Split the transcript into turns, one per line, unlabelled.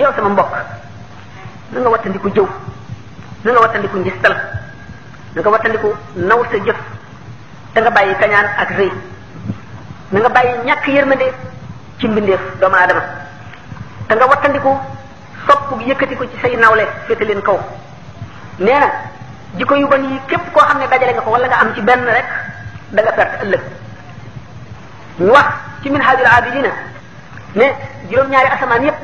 yow sama mbokk na nga wattandiku jëw na wattandiku njistal na nga wattandiku naw sa jëf te nga bàyyi kañaan ak rëy na nga bàyyi ñàkk yërmande ci mbindeef doomu aadama te nga wattandiku sopp yëkkati ko ci say nawle féete leen kaw nee na jikko yu yi képp koo xam ne dajale nga ko wala nga am ci benn rek da nga perte ëllëg wax ci minhajul abidina ne juróom-ñaari asamaan yépp